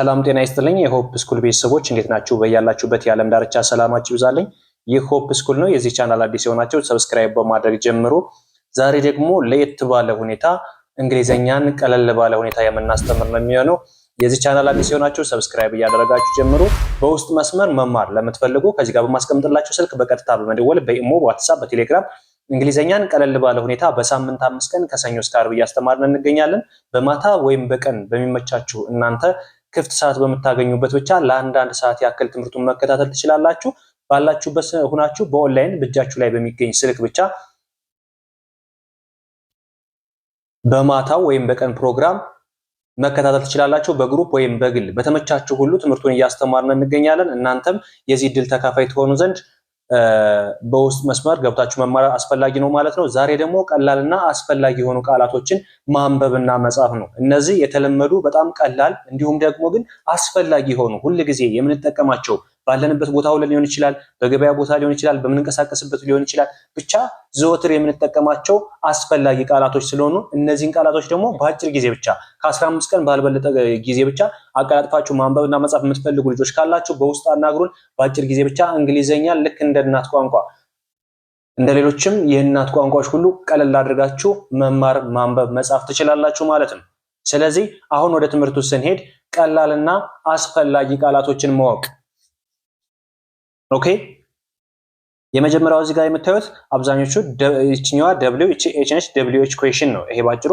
ሰላም ጤና ይስጥልኝ። የሆፕ ስኩል ቤተሰቦች እንዴት ናችሁ? በያላችሁበት የዓለም ዳርቻ ሰላማችሁ ይብዛልኝ። ይህ ሆፕ ስኩል ነው። የዚህ ቻናል አዲስ የሆናቸው ሰብስክራይብ በማድረግ ጀምሩ። ዛሬ ደግሞ ለየት ባለ ሁኔታ እንግሊዘኛን ቀለል ባለ ሁኔታ የምናስተምር ነው የሚሆነው። የዚህ ቻናል አዲስ የሆናቸው ሰብስክራይብ እያደረጋችሁ ጀምሩ። በውስጥ መስመር መማር ለምትፈልጉ ከዚህ ጋር በማስቀምጥላችሁ ስልክ በቀጥታ በመደወል በኢሞ፣ በዋትሳፕ፣ በቴሌግራም እንግሊዘኛን ቀለል ባለ ሁኔታ በሳምንት አምስት ቀን ከሰኞ እስከ ዓርብ እያስተማርን እንገኛለን። በማታ ወይም በቀን በሚመቻችሁ እናንተ ክፍት ሰዓት በምታገኙበት ብቻ ለአንዳንድ ሰዓት ያክል ትምህርቱን መከታተል ትችላላችሁ። ባላችሁበት ሁናችሁ በኦንላይን በእጃችሁ ላይ በሚገኝ ስልክ ብቻ በማታው ወይም በቀን ፕሮግራም መከታተል ትችላላችሁ። በግሩፕ ወይም በግል በተመቻችሁ ሁሉ ትምህርቱን እያስተማርን እንገኛለን። እናንተም የዚህ ድል ተካፋይ ትሆኑ ዘንድ በውስጥ መስመር ገብታችሁ መማር አስፈላጊ ነው ማለት ነው። ዛሬ ደግሞ ቀላልና አስፈላጊ የሆኑ ቃላቶችን ማንበብና መጻፍ ነው። እነዚህ የተለመዱ በጣም ቀላል እንዲሁም ደግሞ ግን አስፈላጊ የሆኑ ጊዜ የምንጠቀማቸው ባለንበት ቦታ ሁሉ ሊሆን ይችላል፣ በገበያ ቦታ ሊሆን ይችላል፣ በምንንቀሳቀስበት ሊሆን ይችላል። ብቻ ዘወትር የምንጠቀማቸው አስፈላጊ ቃላቶች ስለሆኑ እነዚህን ቃላቶች ደግሞ በአጭር ጊዜ ብቻ ከ15 ቀን ባልበለጠ ጊዜ ብቻ አቀላጥፋችሁ ማንበብና መጻፍ የምትፈልጉ ልጆች ካላችሁ በውስጥ አናግሩን። በአጭር ጊዜ ብቻ እንግሊዘኛ ልክ እንደ እናት ቋንቋ እንደ ሌሎችም የእናት ቋንቋዎች ሁሉ ቀለል አድርጋችሁ መማር፣ ማንበብ፣ መጻፍ ትችላላችሁ ማለት ነው። ስለዚህ አሁን ወደ ትምህርቱ ስንሄድ ቀላልና አስፈላጊ ቃላቶችን ማወቅ ኦኬ የመጀመሪያው እዚህ ጋር የምታዩት አብዛኞቹ ይችኛዋ ደብሊው ኤች ነች። ደብሊው ኤች ኩዌሽን ነው ይሄ ባጭሩ።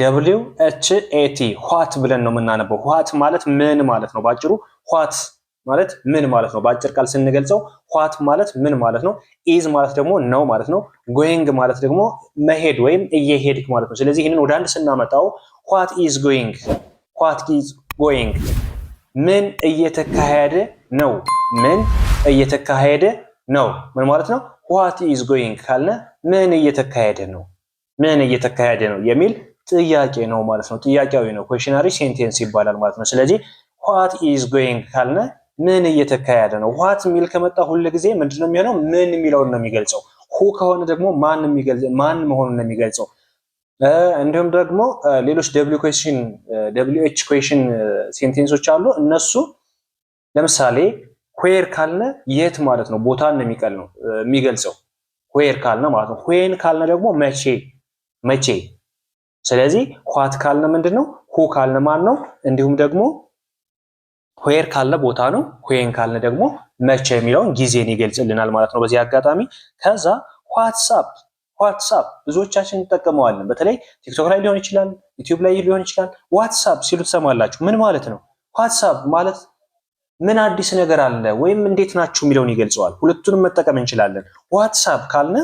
ደብሊው ኤች ኤቲ ዋት ብለን ነው የምናነበው። ዋት ማለት ምን ማለት ነው? ባጭሩ ዋት ማለት ምን ማለት ነው? በአጭር ቃል ስንገልጸው ዋት ማለት ምን ማለት ነው። ኢዝ ማለት ደግሞ ነው ማለት ነው። ጎይንግ ማለት ደግሞ መሄድ ወይም እየሄድክ ማለት ነው። ስለዚህ ይህንን ወደ አንድ ስናመጣው ዋት ኢዝ ጎይንግ፣ ዋት ኢዝ ጎይንግ ምን እየተካሄደ ነው ምን እየተካሄደ ነው? ምን ማለት ነው? ዋት ኢዝ ጎይንግ ካልነ ምን እየተካሄደ ነው፣ ምን እየተካሄደ ነው የሚል ጥያቄ ነው ማለት ነው። ጥያቄያዊ ነው፣ ኮሽናሪ ሴንቴንስ ይባላል ማለት ነው። ስለዚህ ዋት ኢዝ ጎይንግ ካልነ ምን እየተካሄደ ነው። ዋት የሚል ከመጣ ሁል ጊዜ ምንድነው የሚሆነው? ምን የሚለውን ነው የሚገልጸው። ሁ ከሆነ ደግሞ ማን ማን መሆኑን ነው የሚገልጸው። እንዲሁም ደግሞ ሌሎች ደብሊው ኤች ኩዌሽን ሴንቴንሶች አሉ። እነሱ ለምሳሌ ዌር ካልነ የት ማለት ነው፣ ቦታን ነው የሚቀል ነው የሚገልጸው። ዌር ካልነ ማለት ነው። ዌን ካልነ ደግሞ መቼ መቼ። ስለዚህ ኳት ካልነ ምንድን ነው፣ ሁ ካልነ ማን ነው፣ እንዲሁም ደግሞ ዌር ካልነ ቦታ ነው፣ ዌን ካልነ ደግሞ መቼ የሚለውን ጊዜን ይገልጽልናል ማለት ነው በዚህ አጋጣሚ። ከዛ ዋትሳፕ ዋትሳፕ ብዙዎቻችን እንጠቀመዋለን። በተለይ ቲክቶክ ላይ ሊሆን ይችላል፣ ዩቲዩብ ላይ ሊሆን ይችላል። ዋትሳፕ ሲሉ ትሰማላችሁ። ምን ማለት ነው? ዋትሳፕ ማለት ምን አዲስ ነገር አለ ወይም እንዴት ናችሁ የሚለውን ይገልጸዋል። ሁለቱንም መጠቀም እንችላለን። ዋትሳፕ ካልነ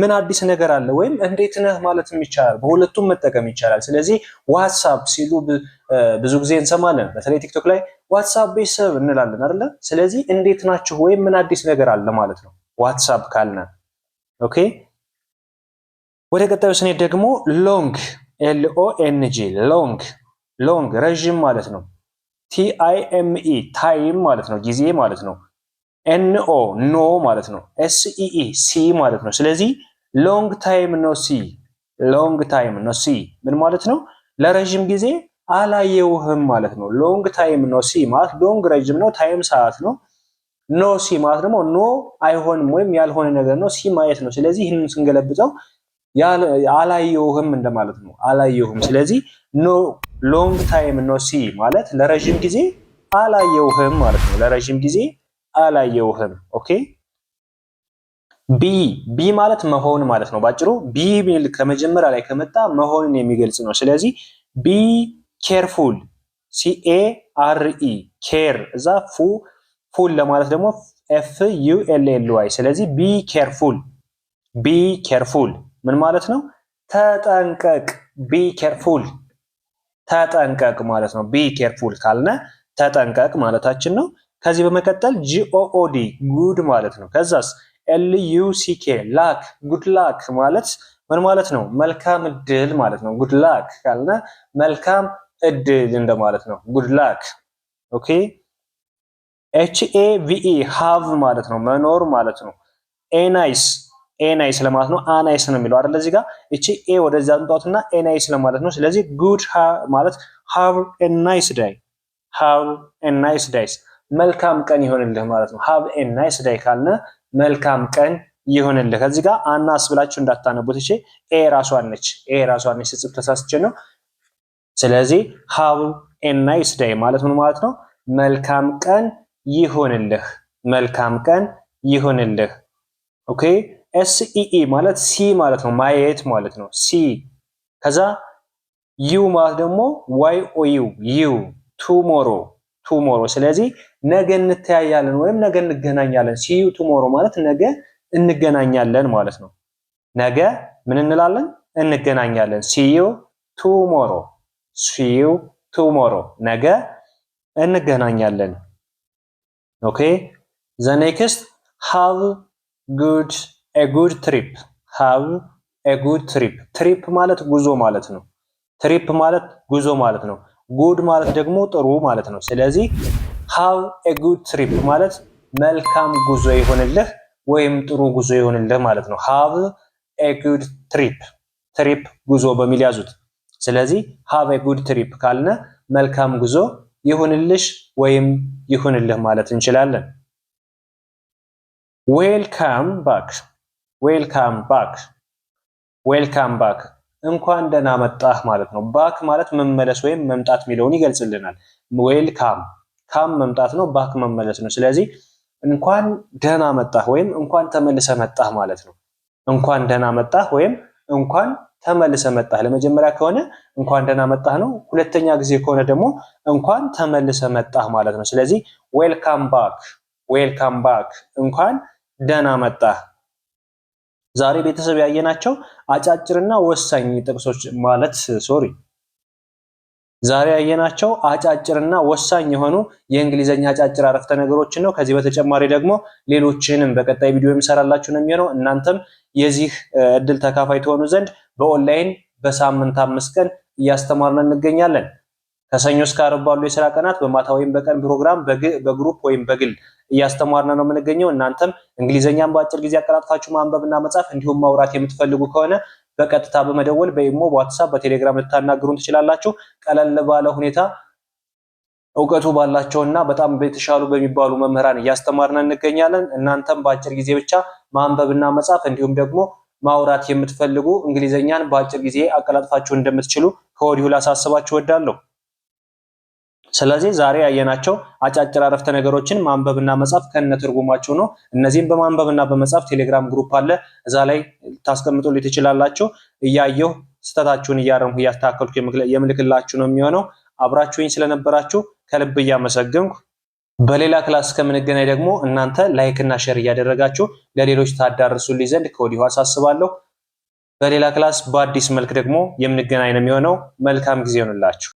ምን አዲስ ነገር አለ ወይም እንዴት ነህ ማለትም ይቻላል። በሁለቱም መጠቀም ይቻላል። ስለዚህ ዋትሳፕ ሲሉ ብዙ ጊዜ እንሰማለን። በተለይ ቲክቶክ ላይ ዋትሳፕ ቤተሰብ እንላለን አይደለ? ስለዚህ እንዴት ናችሁ ወይም ምን አዲስ ነገር አለ ማለት ነው ዋትሳፕ ካልነ። ኦኬ ወደ ቀጣዩ ስኔት ደግሞ ሎንግ ኤልኦኤንጂ ሎንግ ሎንግ ረዥም ማለት ነው። ቲአይኤምኢ ታይም ማለት ነው፣ ጊዜ ማለት ነው። ኤንኦ ኖ ማለት ነው። ኤስኢኢ ሲ ማለት ነው። ስለዚህ ሎንግ ታይም ኖ ሲ፣ ሎንግ ታይም ኖ ሲ ምን ማለት ነው? ለረዥም ጊዜ አላየውህም ማለት ነው። ሎንግ ታይም ኖ ሲ ማለት ሎንግ ረዥም ነው፣ ታይም ሰዓት ነው። ኖ ሲ ማለት ደግሞ ኖ አይሆንም ወይም ያልሆነ ነገር ነው፣ ሲ ማየት ነው። ስለዚህ ይህንን ስንገለብጠው አላየውህም እንደማለት ነው። አላየውህም ስለዚህ ኖ ሎንግ ታይም ኖ ሲ ማለት ለረዥም ጊዜ አላየውህም ማለት ነው። ለረዥም ጊዜ አላየውህም። ኦኬ ቢ ቢ ማለት መሆን ማለት ነው። ባጭሩ ቢ ሚል ከመጀመሪያ ላይ ከመጣ መሆንን የሚገልጽ ነው። ስለዚህ ቢ ኬርፉል ሲኤ አር ኢ ኬር እዛ ፉ ፉል ለማለት ደግሞ ኤፍ ዩ ኤል ኤል ዋይ። ስለዚህ ቢ ኬርፉል ቢ ኬርፉል ምን ማለት ነው? ተጠንቀቅ። ቢ ኬርፉል ተጠንቀቅ ማለት ነው። ቢ ኬርፉል ካልነ ተጠንቀቅ ማለታችን ነው። ከዚህ በመቀጠል ጂኦኦዲ ጉድ ማለት ነው። ከዛስ ኤልዩሲኬ ላክ ጉድ ላክ ማለት ምን ማለት ነው? መልካም እድል ማለት ነው። ጉድ ላክ ካልነ መልካም እድል እንደማለት ነው። ጉድ ላክ ኦኬ። ኤችኤቪኢ ሃቭ ማለት ነው መኖር ማለት ነው። ኤናይስ ኤናይስ ለማለት ነው። አናይስ ነው የሚለው አይደል? እዚህ ጋር እቺ ኤ ወደዚያ አምጣትና ኤናይስ ለማለት ነው። ስለዚህ ጉድ ማለት ሃቭ ኤ ናይስ ዳይ፣ ሃቭ ኤ ናይስ ዳይስ መልካም ቀን ይሆንልህ ማለት ነው። ሃቭ ኤ ናይስ ዳይ ካልነ መልካም ቀን ይሆንልህ። ከዚህ ጋር አናስ ብላችሁ እንዳታነቡት። እቺ ኤ ራሷን ነች፣ ኤ ራሷን ነች። ስጽፍ ተሳስቼ ነው። ስለዚህ ሃቭ ኤ ናይስ ዳይ ማለት ምን ማለት ነው? መልካም ቀን ይሆንልህ፣ መልካም ቀን ይሆንልህ። ኦኬ ኤስኢኢ e e ማለት ሲ ማለት ነው፣ ማየት ማለት ነው። ሲ ከዛ ዩ ማለት ደግሞ ዋይ ኦ ዩ ዩ ቱሞሮ ቱሞሮ። ስለዚህ ነገ እንተያያለን ወይም ነገ እንገናኛለን። ሲ ዩ ቱሞሮ ማለት ነገ እንገናኛለን ማለት ነው። ነገ ምን እንላለን? እንገናኛለን። ሲ ዩ ቱሞሮ ሲ ዩ ቱሞሮ፣ ነገ እንገናኛለን። ኦኬ ዘ ኔክስት ሃቭ ጉድ ጉድ ትሪፕ ሃብ ጉድ ትሪፕ። ትሪፕ ማለት ጉዞ ማለት ነው። ትሪፕ ማለት ጉዞ ማለት ነው። ጉድ ማለት ደግሞ ጥሩ ማለት ነው። ስለዚህ ሃብ ጉድ ትሪፕ ማለት መልካም ጉዞ ይሆንልህ ወይም ጥሩ ጉዞ ይሆንልህ ማለት ነው። ሃቭ ጉድ ትሪፕ። ትሪፕ ጉዞ በሚል ያዙት። ስለዚህ ሃቭ ጉድ ትሪፕ ካልነ መልካም ጉዞ ይሁንልሽ ወይም ይሁንልህ ማለት እንችላለን። ዌልካም ባክ ዌልካም ባክ ዌልካም ባክ እንኳን ደህና መጣህ ማለት ነው። ባክ ማለት መመለስ ወይም መምጣት የሚለውን ይገልጽልናል። ዌልካም ካም መምጣት ነው፣ ባክ መመለስ ነው። ስለዚህ እንኳን ደህና መጣህ ወይም እንኳን ተመልሰ መጣህ ማለት ነው። እንኳን ደህና መጣህ ወይም እንኳን ተመልሰ መጣህ። ለመጀመሪያ ከሆነ እንኳን ደህና መጣህ ነው። ሁለተኛ ጊዜ ከሆነ ደግሞ እንኳን ተመልሰ መጣህ ማለት ነው። ስለዚህ ዌልካም ባክ ዌልካም ባክ እንኳን ደህና መጣህ ዛሬ ቤተሰብ ያየናቸው አጫጭርና ወሳኝ ጥቅሶች ማለት ሶሪ፣ ዛሬ ያየናቸው አጫጭርና ወሳኝ የሆኑ የእንግሊዘኛ አጫጭር አረፍተ ነገሮችን ነው። ከዚህ በተጨማሪ ደግሞ ሌሎችንም በቀጣይ ቪዲዮ የሚሰራላችሁ ነው የሚሆነው። እናንተም የዚህ እድል ተካፋይ ትሆኑ ዘንድ በኦንላይን በሳምንት አምስት ቀን እያስተማርን እንገኛለን። ከሰኞ እስከ ዓርብ ባሉ የስራ ቀናት በማታ ወይም በቀን ፕሮግራም በግሩፕ ወይም በግል እያስተማርን ነው የምንገኘው። እናንተም እንግሊዝኛን በአጭር ጊዜ አቀላጥፋችሁ ማንበብና መጻፍ እንዲሁም ማውራት የምትፈልጉ ከሆነ በቀጥታ በመደወል በኢሞ፣ በዋትሳፕ፣ በቴሌግራም ልታናግሩን ትችላላችሁ። ቀለል ባለ ሁኔታ እውቀቱ ባላቸውና በጣም የተሻሉ በሚባሉ መምህራን እያስተማርን እንገኛለን። እናንተም በአጭር ጊዜ ብቻ ማንበብና መጻፍ እንዲሁም ደግሞ ማውራት የምትፈልጉ እንግሊዝኛን በአጭር ጊዜ አቀላጥፋችሁ እንደምትችሉ ከወዲሁ ላሳስባችሁ እወዳለሁ። ስለዚህ ዛሬ ያየናቸው አጫጭር አረፍተ ነገሮችን ማንበብና መጻፍ ከነ ትርጉማቸው ነው። እነዚህም በማንበብና በመጻፍ ቴሌግራም ግሩፕ አለ። እዛ ላይ ታስቀምጡልኝ ትችላላችሁ። እያየሁ ስህተታችሁን እያረምኩ እያስተካከልኩ የምልክላችሁ ነው የሚሆነው። አብራችሁኝ ስለነበራችሁ ከልብ እያመሰግንኩ በሌላ ክላስ እስከምንገናኝ ደግሞ እናንተ ላይክ እና ሼር እያደረጋችሁ ለሌሎች ታዳርሱልኝ ዘንድ ከወዲሁ አሳስባለሁ። በሌላ ክላስ በአዲስ መልክ ደግሞ የምንገናኝ ነው የሚሆነው። መልካም ጊዜ ይሆንላችሁ።